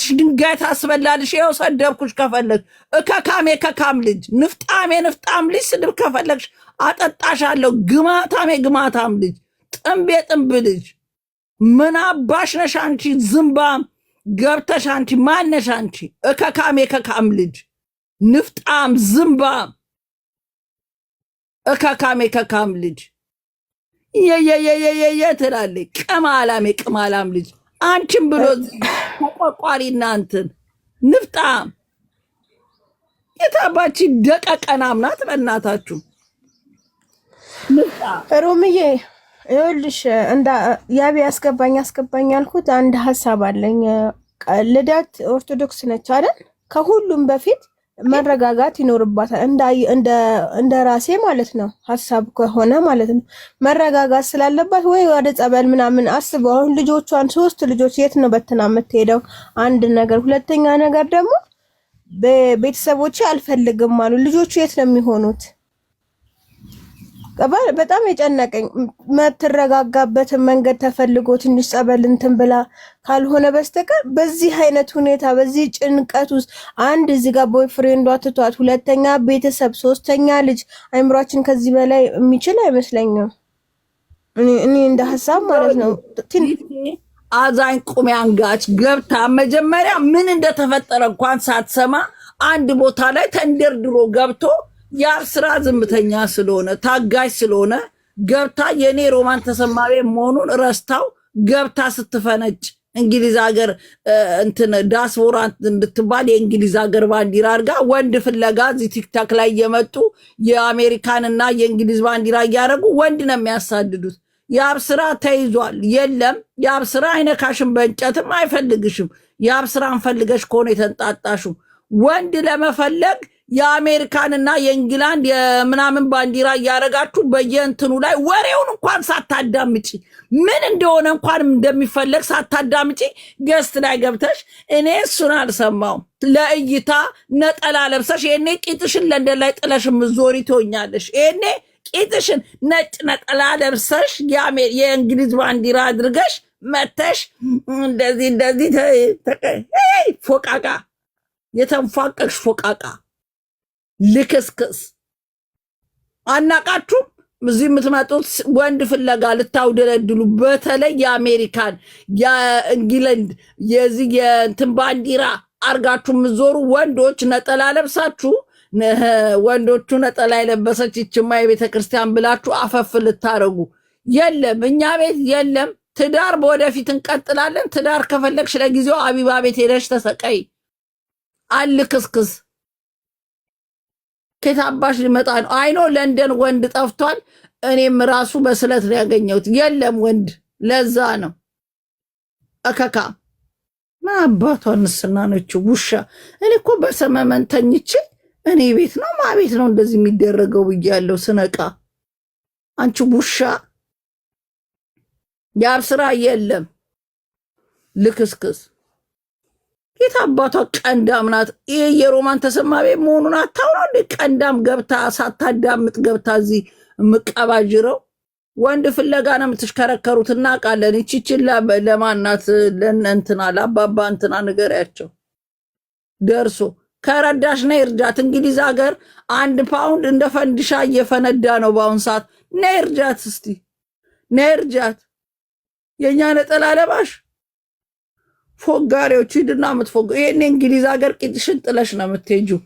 ትሽ ድንጋይ ታስበላልሽ። ይኸው ሰደብኩሽ። ከፈለግሽ እከካሜ ከካም ልጅ ንፍጣሜ ንፍጣም ልጅ ስድብ ከፈለግሽ አጠጣሻለሁ። ግማታሜ ግማታም ልጅ ጥንቤ ጥንብ ልጅ ምን አባሽ ነሽ አንቺ? ዝምባም ገብተሽ አንቺ ማነሽ አንቺ? እከካሜ ከካም ልጅ ንፍጣም ዝምባም እከካሜ ከካም ልጅ የየየየየየ ትላለች። ቅማላሜ ቅማላም ልጅ አንቺም ብሎ ቋቋሪ እናንትን ንፍጣም የታባቺ ደቀቀናም ናት። በእናታችሁ ሮምዬ ይኸውልሽ እንዳ ያቢ አስገባኝ አስገባኝ ያልኩት አንድ ሀሳብ አለኝ። ልደት ኦርቶዶክስ ነች አይደል? ከሁሉም በፊት መረጋጋት ይኖርባታል። እንደ ራሴ ማለት ነው ሀሳብ ከሆነ ማለት ነው መረጋጋት ስላለባት ወይ ወደ ጸበል ምናምን አስበው። አሁን ልጆቿን ሶስት ልጆች የት ነው በትና የምትሄደው? አንድ ነገር። ሁለተኛ ነገር ደግሞ ቤተሰቦች አልፈልግም አሉ። ልጆቹ የት ነው የሚሆኑት? በጣም የጨነቀኝ የምትረጋጋበትን መንገድ ተፈልጎ ትንሽ ጸበል እንትን ብላ ካልሆነ በስተቀር በዚህ አይነት ሁኔታ በዚህ ጭንቀት ውስጥ አንድ እዚህ ጋር ቦይ ትቷት፣ ሁለተኛ ቤተሰብ፣ ሶስተኛ ልጅ አይምሯችን ከዚህ በላይ የሚችል አይመስለኝም። እኔ እንደ ሀሳብ ማለት ነው። አዛኝ ቁሚ አንጋች ገብታ መጀመሪያ ምን እንደተፈጠረ እንኳን ሳትሰማ አንድ ቦታ ላይ ተንደርድሮ ገብቶ ስራ ዝምተኛ ስለሆነ ታጋሽ ስለሆነ ገብታ የእኔ ሮማን ተሰማሪ መሆኑን ረስታው ገብታ ስትፈነጭ እንግሊዝ ሀገር እንትን ዳስፖራ እንድትባል የእንግሊዝ ሀገር ባንዲራ አድርጋ ወንድ ፍለጋ እዚህ ቲክታክ ላይ እየመጡ የአሜሪካን እና የእንግሊዝ ባንዲራ እያደረጉ ወንድ ነው የሚያሳድዱት። የአብስራ ተይዟል። የለም የአብስራ አይነካሽም፣ በእንጨትም አይፈልግሽም። የአብስራ ፈልገሽ ከሆነ የተንጣጣሹ ወንድ ለመፈለግ የአሜሪካንና የእንግላንድ የምናምን ባንዲራ እያረጋችሁ በየእንትኑ ላይ ወሬውን እንኳን ሳታዳምጪ ምን እንደሆነ እንኳን እንደሚፈለግ ሳታዳምጪ ገስት ላይ ገብተሽ እኔ እሱን አልሰማውም ለእይታ ነጠላ ለብሰሽ ይሄኔ ቂጥሽን ለንደን ላይ ጥለሽ ምዞሪ ትሆኛለሽ። ይሄኔ ቂጥሽን ነጭ ነጠላ ለብሰሽ የእንግሊዝ ባንዲራ አድርገሽ መተሽ እንደዚህ እንደዚህ ፎቃቃ የተንፏቀቅሽ ፎቃቃ ልክስክስ አናቃችሁ። እዚህ የምትመጡት ወንድ ፍለጋ ልታውደለድሉ፣ በተለይ የአሜሪካን የእንግለንድ የዚህ የእንትን ባንዲራ አርጋችሁ የምዞሩ ወንዶች ነጠላ ለብሳችሁ ወንዶቹ ነጠላ የለበሰች ይችማ የቤተ ክርስቲያን ብላችሁ አፈፍ ልታደረጉ የለም፣ እኛ ቤት የለም። ትዳር በወደፊት እንቀጥላለን። ትዳር ከፈለግሽ ለጊዜው አቢባ ቤት ሄደሽ ተሰቀይ። አልክስክስ ከታባሽ ሊመጣ ነው። አይኖ ለንደን ወንድ ጠፍቷል። እኔም ራሱ በስለት ነው ያገኘሁት። የለም ወንድ ለዛ ነው እከካ ምን አባቷ ንስና ነች ውሻ። እኔ እኮ በሰመመን ተኝቼ እኔ ቤት ነው ማ ቤት ነው እንደዚህ የሚደረገው ብያለሁ። ስነቃ አንቺ ውሻ ያብ ስራ የለም ልክስክስ የት አባቷ ቀንዳም ናት? ይህ የሮማን ተሰማ ተሰማቤ መሆኑን አታውራ እንዴ? ቀንዳም ገብታ ሳታዳምጥ ገብታ እዚህ የምቀባጅረው ወንድ ፍለጋ ነው የምትሽከረከሩት። እናውቃለን። ይችችን ለማናት ለእንትና ለአባባ እንትና ንገሪያቸው ደርሶ ከረዳሽ ነይ እርጃት። እንግሊዝ ሀገር አንድ ፓውንድ እንደ ፈንድሻ እየፈነዳ ነው በአሁን ሰዓት። ነይ እርጃት፣ እስቲ ነይ እርጃት፣ የእኛ ነጠላ ለባሽ ፎጋሪዎች ሂድና ምትፎ ይሄን እንግሊዝ ሀገር ቂጥሽን ጥለሽ ነው የምትሄጁ።